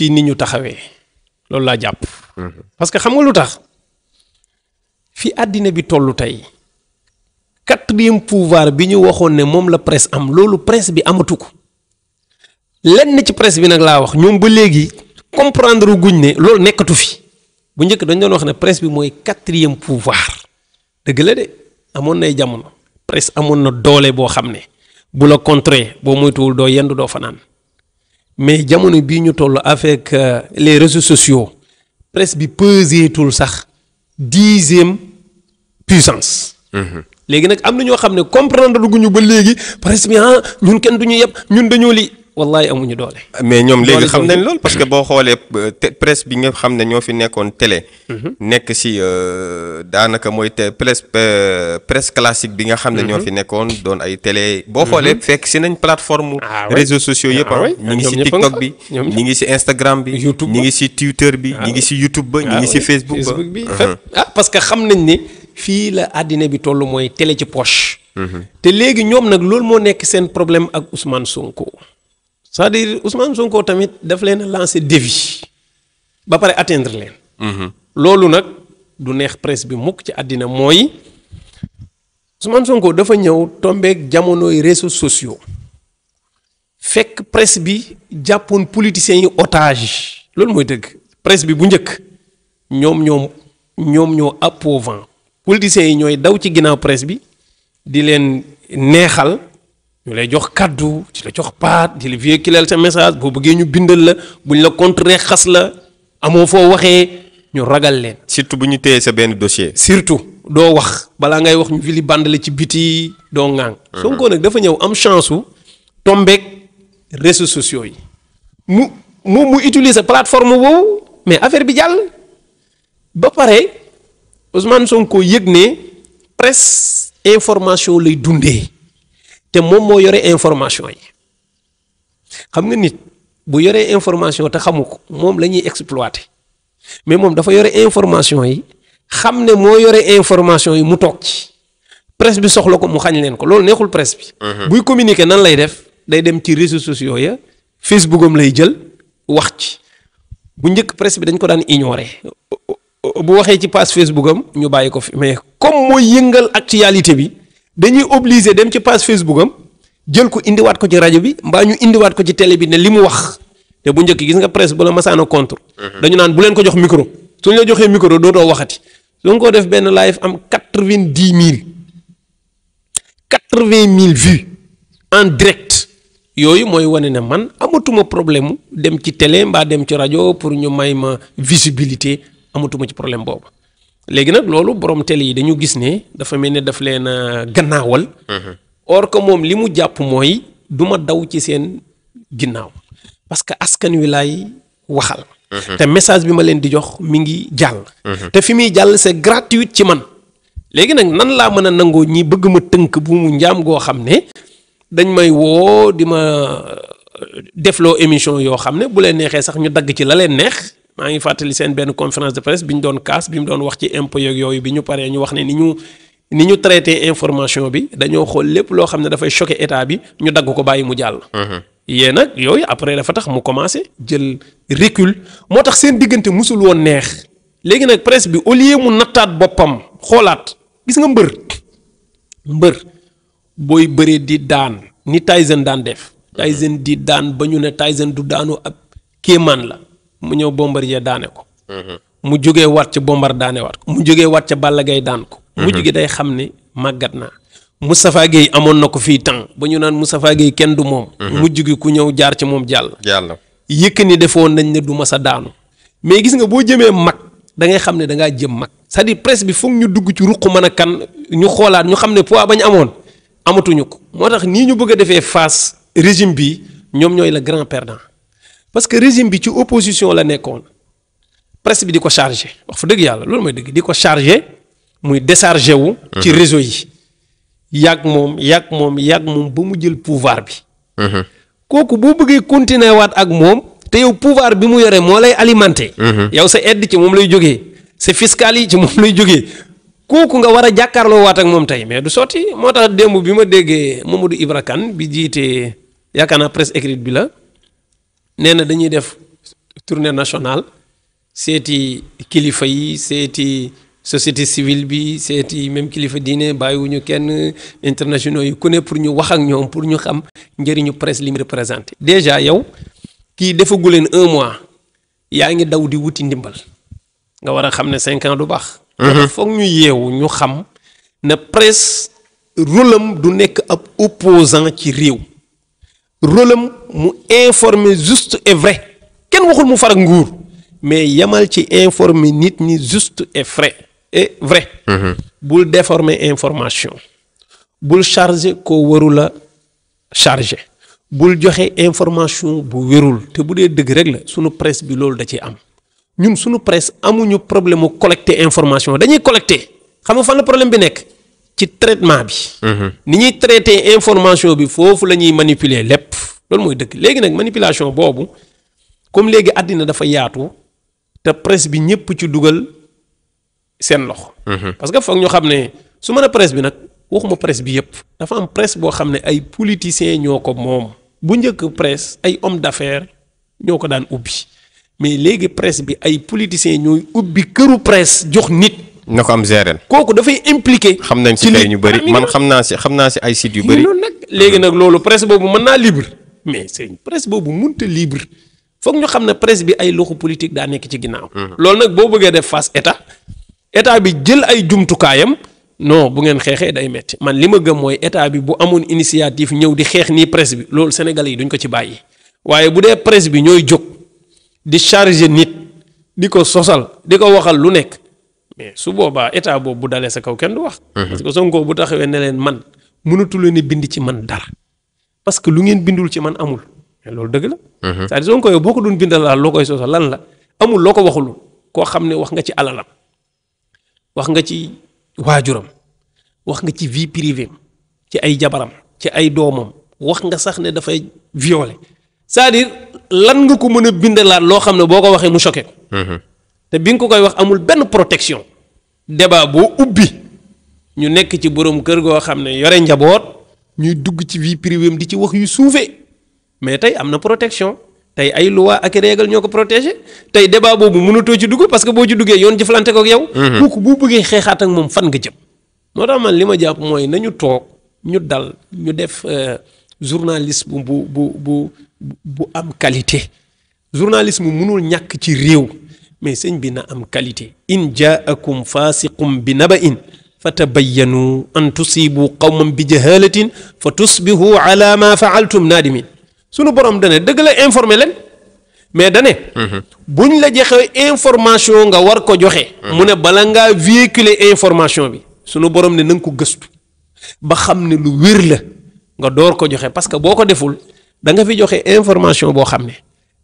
ci ni ñu taxawee loolu laa jàpp. Mm-hmm. parce que xam nga lu tax fi àddina bi tollu tey quatrième pouvoir bi ñu waxoon ne moom la presse am loolu presse bi amatu ko lenn ci presse bi nag laa wax ñoom ba léegi comprendre guñ ne loolu nekkatu fi bu njëkk dañ doon wax ne presse bi mooy quatrième pouvoir dëgg la de amoon nay jamono presse amoon na doole boo xam ne bu la contrer boo moytuwul doo yendu doo fanaan mais jamono bii ñu toll avec euh, les réseaux sociaux presse bi peseetul sax dixième puissance. Mhm. léegi nag am na ñoo xam ne comprendre gu ñu ba léegi presse bi ah ñun kenn du ñu yëpp ñun dañoo li wallaay amuñu doole. mais ñoom léegi xam nañ loolu parce que boo xoolee euh, presse bi nga xam ne ñoo fi nekkoon télé. Mhm. nekk si euh, daanaka mooy te presse euh, presse classique bi nga xam ne ñoo mhm. fi nekkoon doon ay télé. boo mhm. xoolee fekk si nañ plateforme. Ah réseaux sociaux yëpp ah, ah. ñi ngi si TikTok bi ñi ngi si Instagram bi. YouTube ñi ngi si Twitter bi ah ñi ngi si YouTube ba ñi ngi si Facebook ba. Facebook bi parce que xam nañ ni fii la àddina bi toll mooy télé ci poche. te léegi ñoom nag loolu moo nekk seen problème ak Ousmane Sonko. c'est-à-dire Ousmane Sonko tamit daf leen a lancé défi ba pare atteindre leen. Mhm. loolu nag du neex presse bi mukk ci àddina mooy Ousmane Sonko dafa ñëw tombeek jamonoy réseaux sociaux fekk presse bi jàppoon politiciens yi otage loolu mooy dëgg presse bi bu njëkk ñoom ñoom ñoom ñoo appauvant politiciens yi ñooy daw ci ginnaaw presse bi di leen neexal. ñu lay jox kàddu jox paat di la véhiculer sa message boo ñu bindal la buñ la contrer xas la amoo foo waxee ñu ragal leen. surtout bu ñu téyee sa benn dossier. surtout doo wax balaa ngay wax ñu vili bandale ci biti doo ŋaang. Mhm. Sonko nag dafa ñëw am chance su tombeek réseaux sociaux yi. mu mu mu utiliser plateforme boobu mais affaire bi jàll ba pare Ousmane Sonko yëg ne presse information lay dundee. te moom moo yore information yi xam nga nit bu yoree information te xamu ko moom la ñuy exploiter mais moom dafa yore information yi xam ne moo yore information yi mu toog ci presse bi soxla ko mu xañ leen ko loolu neexul presse bi. Mhm. buy communiquer nan lay def day dem ci réseau sociaux ya Facebook am lay jël wax ci bu njëkk presse bi dañ ko daan ignorer. bu waxee ci page Facebook am ñu bàyyi ko fi mais comme mooy yëngal actualité bi. dañuy obligé dem ci page Facebook am jël ko indiwaat ko ci rajo bi mbaa ñu indiwaat ko ci télé bi ne li mu wax te bu njëkk gis nga presse ba la masaana contre. Mhm. dañu naan bu leen ko jox micro suñ la joxee micro dootoo waxati su ko def benn live am quatre vingt dix mille quatre vingt mille vues en direct yooyu mooy wane ne man amatuma problème dem ci télé mbaa dem ci rajo pour ñu may ma visibilité amatuma ci problème boobu. léegi nag loolu borom télé yi dañu gis ne dafa mel ni daf leen a gannaawal. or que moom li mu jàpp mooy du ma daw ci seen ginnaaw parce que askan wi laay waxal. te message bi ma leen di jox mi ngi jàll. te fi muy jàll c'est gratuit ci man. léegi nag nan laa mën a nangoo ñi bëgguma tënk bu mu njaam goo xam ne dañ may woo di ma euh, defloo émission yoo xam ne bu leen neexee sax ñu dagg ci la leen neex. maa ngi fàttali seen benn conférence de presse bi ñu doon kaas bi mu doon wax ci impôts yeeg yooyu bi ñu paree ñu wax ne ni ñu ni ñu traité information bi dañoo xool lépp loo xam ne dafay choqué état bi ñu dagg ko bàyyi mu jàll. Mhm. yee nag yooyu après dafa tax mu commencé jël recul moo tax seen diggante mosul woon neex léegi nag presse bi au lieu mu nattaat boppam xoolaat gis nga mbër mbër booy bëree di daan ni Tyson daan def. Tyson di daan ba ñu ne Tyson du daanu ab kéemaan la. mu ñëw Bombardier daane ko. Mhm. mu jógee wat ca Bombar daane waat ko mu jógee wat ca Balla Gaye daan ko. Mhm. mujj gi day xam ni màggat naa. Moustapha Gueye amoon na ko fii temps ba ñu naan Moustapha Gueye kenn du moom. Mhm. mujj gi ku ñëw jaar ci moom jàll. jàll Yékini defoon nañ ne du ma sa daanu. mais gis nga boo jëmee mag dangay xam ne da ngaa jëm mag. c'est-à-dire bi foog ñu dugg ci ruq mën a kan ñu xoolaat ñu xam ne poids bañ amoon amatuñu ko. moo tax nii ñu bëgg a defee face régime bi ñoom ñooy le grand perdant. parce que régime bi ci opposition la nekkoon presse bi di ko chargé wax fa dëgg yàlla loolu mooy dëgg di ko chargé muy déchargé wu. ci mhm. réseau yi. yàq moom yàq moom yàq moom ba mu jël pouvoir bi. Mhm. kooku boo bëggee continuer waat ak moom. te yow pouvoir bi mu yore moo lay alimenté. Mhm. yow sa aide ci moom lay jógee. sa fiscal yi ci moom lay jógee. kooku nga war a jàkkaarloo waat ak moom tey mais du sotti moo tax démb bi ma déggee Mamadou Ibra Kane bi jiite yaakaar naa presse écrite bi la. nee na dañuy def tournée nationale seeti kilifa yi seeti société civile bi seeti même kilifa diine bàyyiwuñu kenn internationaux yi ku ne pour ñu wax ak ñoom pour ñu xam njëriñu presse li mu représenté. déjà yow kii defagu leen un mois yaa ngi daw di wuti ndimbal nga war a xam ne cinquant du baax. Mhm. foog ñu yeewu ñu xam na presse rôle du nekk ab opposant ci réew. rôle mu informer juste et vrai kenn waxul mu far ak nguur mais yamal ci informe nit ñi juste et vrai et vrai. Mhm. bul déformer information. bul chargé ko warula la bul joxe information bu wérul te bu dee dëgg rek la sunu presse bi loolu da ciy am ñun sunu presse amuñu problème mu information dañuy collecter xam nga fan la problème bi nekk. ci traitement bi. Mhm. ni ñuy traité information bi foofu la ñuy manipuler lépp loolu mooy dëkk léegi nag manipulation boobu comme léegi àddina dafa yaatu te presse bi ñëpp ci dugal seen loxo. Mhm. parce que foog ñu xam ne su mën a bi nag waxuma press bi yëpp dafa am presse boo xam ne ay politiciens ñoo ko moom bu njëkk presse ay hommes d'affaires ñoo ko daan ubbi mais léegi presse bi ay politiciens ñooy ubbi këru presse jox nit. na ko am gérer. kooku dafay impliqué. xam nañ si tey ñu bëri man xam naa si xam naa si ay sites yu bëri. loolu nag léegi nag loolu presse boobu mën naa libre mais sëñ presse boobu mënta libre foog ñu xam ne presse bi ay loxo politique daa nekk ci ginnaaw. Mhm. loolu nag boo bëggee def face état état bi jël ay jumtukaayam. non bu ngeen xeexee day metti man li ma gëm mooy état bi bu amoon initiative ñëw di xeex nii presse bi loolu sénégalais yi duñ ko ci bàyyi waaye bu dee presse bi ñooy jóg di charger nit di ko sosal di ko waxal lu nekk mais su boobaa état boobu bu dalee sa kaw kenn du wax. Mhm. parce que Sonko bu taxawee ne leen man mënatu leen a bind ci man dara parce que lu ngeen bindul ci man amul loolu dëgg la. Mhm. c'est-à-dire Sonko yow boo ko doon bindal daal loo koy soosal lan la amul loo ko waxulul koo xam ne wax nga ci alalam nga ci waajuram wax nga ci vie privée ci ay jabaram ci ay doomam wax nga sax ne dafay violer cest nga ko mën a bindalaat loo xam ne boo ko waxee mu choqué ko. Mhm. te bi nga ko koy wax amul benn protection. débat boo ubbi ñu nekk ci borom kër goo xam ne yore njaboot ñuy dugg ci vie privée di ci wax yu suufee mais tey am na protection tey ay loi ak règle ñoo ko protéger tey débat boobu mënatoo ci dugg parce que boo ci duggee yoon jëflante ko ak yow. Mhm. kooku bu bëggee xeexaat ak moom fan nga jëm. moo tax man li ma jàpp mooy nañu toog ñu dal ñu def euh, journalisme bu bu bu bu am qualité journalisme mënul ñàkk ci réew. mais sëñ bi na am qualité in jaakum faasiqum bi na ba in fa tabayyanu an tusibu qawman bi jahalatin fa tusbihu ala ma faaltum naadimin sunu borom dane dëgg la informé leen mais dane mhm. buñ la joxe information nga war ko joxe mhm. mu ne bala ngaa véhiculer information bi sunu borom ne na nga ko gëstu ba xam ne lu wér la nga door ko joxe parce que boo ko deful da nga fi joxe information boo xam ne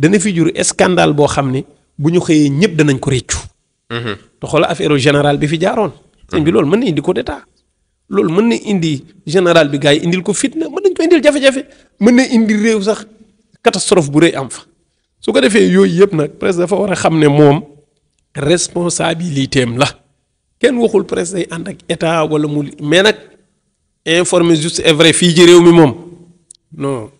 dana fi jur scandale boo xam ne bu ñu xëyee ñëpp danañ ko réccu mhm. te xoola affaire général bi fi jaaroon sëñ mhm. bi loolu mën na indi ko d'état loolu mën na indi général bi gars yi indil ko fitna mën nañ ko indil jafe-jafe mën na indi réew sax catastrophe bu rëy am fa su ko defee yooyu yëpp nag presse dafa war a xam ne moom responsabilité am la kenn waxul presse day ànd ak état wala mu mais nag informe juste et fii ci réew mi moom non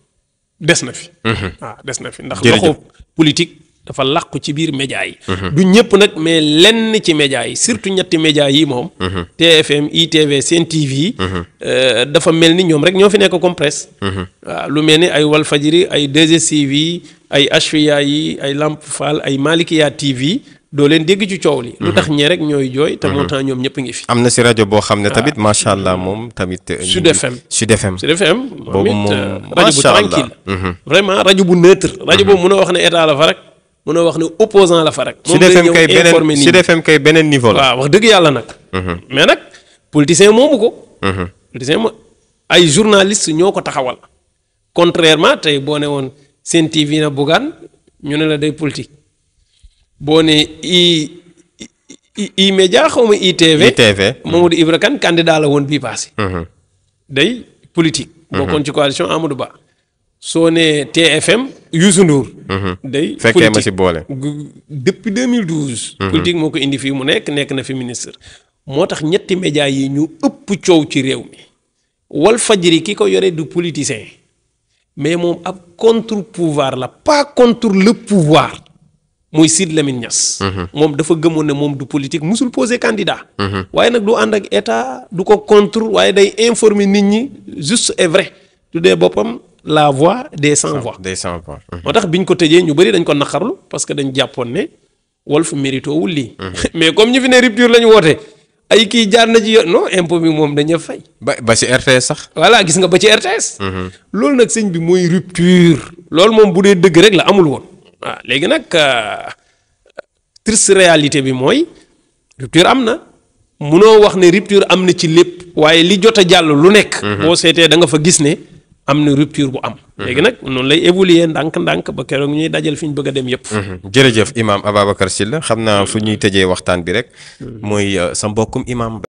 des na fi. Mhm. Ah, des na fi ndax loxo politique. dafa làqu ci biir média yi. Mhm. du ñëpp nag mais lenn ci média yi surtout ñetti média yi moom. Mhm. TFM ITV Sen TV. Mhm. Euh, dafa mel ni ñoom rek ñoo fi nekk comme lu mel ni ay Walfajiri ay 2STV ay Asfiya yi ay Lamp Fall ay Malikiya TV. doo leen dégg ci coow li. lu tax ñee rek ñooy jooy. te moo ñoom ñëpp ngi fi. am na si rajo boo xam ne ah. tamit macha allah moom tamit. Euh, Sud FM Sud FM. Sud FM euh, rajo bu tranquille vraiment rajo bu neutre. rajo boobu mun a wax ne état mënoo wax ne opposant la fa rek. moom lay ñëw informé nii Sud FM kay beneen niveau la. wax dëgg yàlla nag. Mhm. mais nag politicien moomu ko. Mhm. politicien mo ay journaliste ñoo ko taxawal. contrairement tey boo ne woon seen TV na Bougane ñu ne la day politique boo ne i i média xaw ma ITV. ITV di Ibra Kane candidat la woon bii passé. Mhm. day politique. bokkoon ci coalition Amadou Ba. soo nee TFM Youssou Ndour. Mhm. day fekkee ma si boole depuis 2012. Mhm. politique moo ko indi fii mu nekk nekk na fi ministre. moo tax ñetti média yi ñu ëpp coow ci réew mi. wal fajri ki ko yore du politicien. mais moom ab contre pouvoir la pas contre le pouvoir. muy Sid Lamine Niass. Mhm. moom dafa gëmoon ne moom du politique musul posé candidat. waaye nag du ànd ak état du ko contre waaye day informer nit ñi juste et vrai. tuddee boppam. la voix des sans voix. des sans voix. moo mhm. tax bi ñu ko tëjee ñu bëri dañ ko naqarlu parce que dañ jàppoon ne Walf mérito wul lii. Mhm. mais comme ñu fi ne rupture lañu woote. ay kii jaar na ci yoon non impôt bi moom dañu fay. ba ba ci RTS sax. voilà gis nga ba ci RTS. Mhm. loolu nag sëñ bi mooy rupture. loolu moom bu dee dëgg rek la amul woon. waaw léegi nag euh, triste réalité bi mooy rupture am na. munoo wax ne rupture am na ci lépp. waaye li jot a jàll lu nekk. boo seetee da nga fa gis ne. am na rupture bu am. Mhm. léegi nag noonu lay évoluer ndànk-ndànk ba keroog ñuy dajal fi ñu bëgg a dem yëpp. Mhm. jërëjëf imaam Ababacar Sylla xam naa fu ñuy tëjee waxtaan bi rek. mooy mhm. euh, sa mbokkum imaam.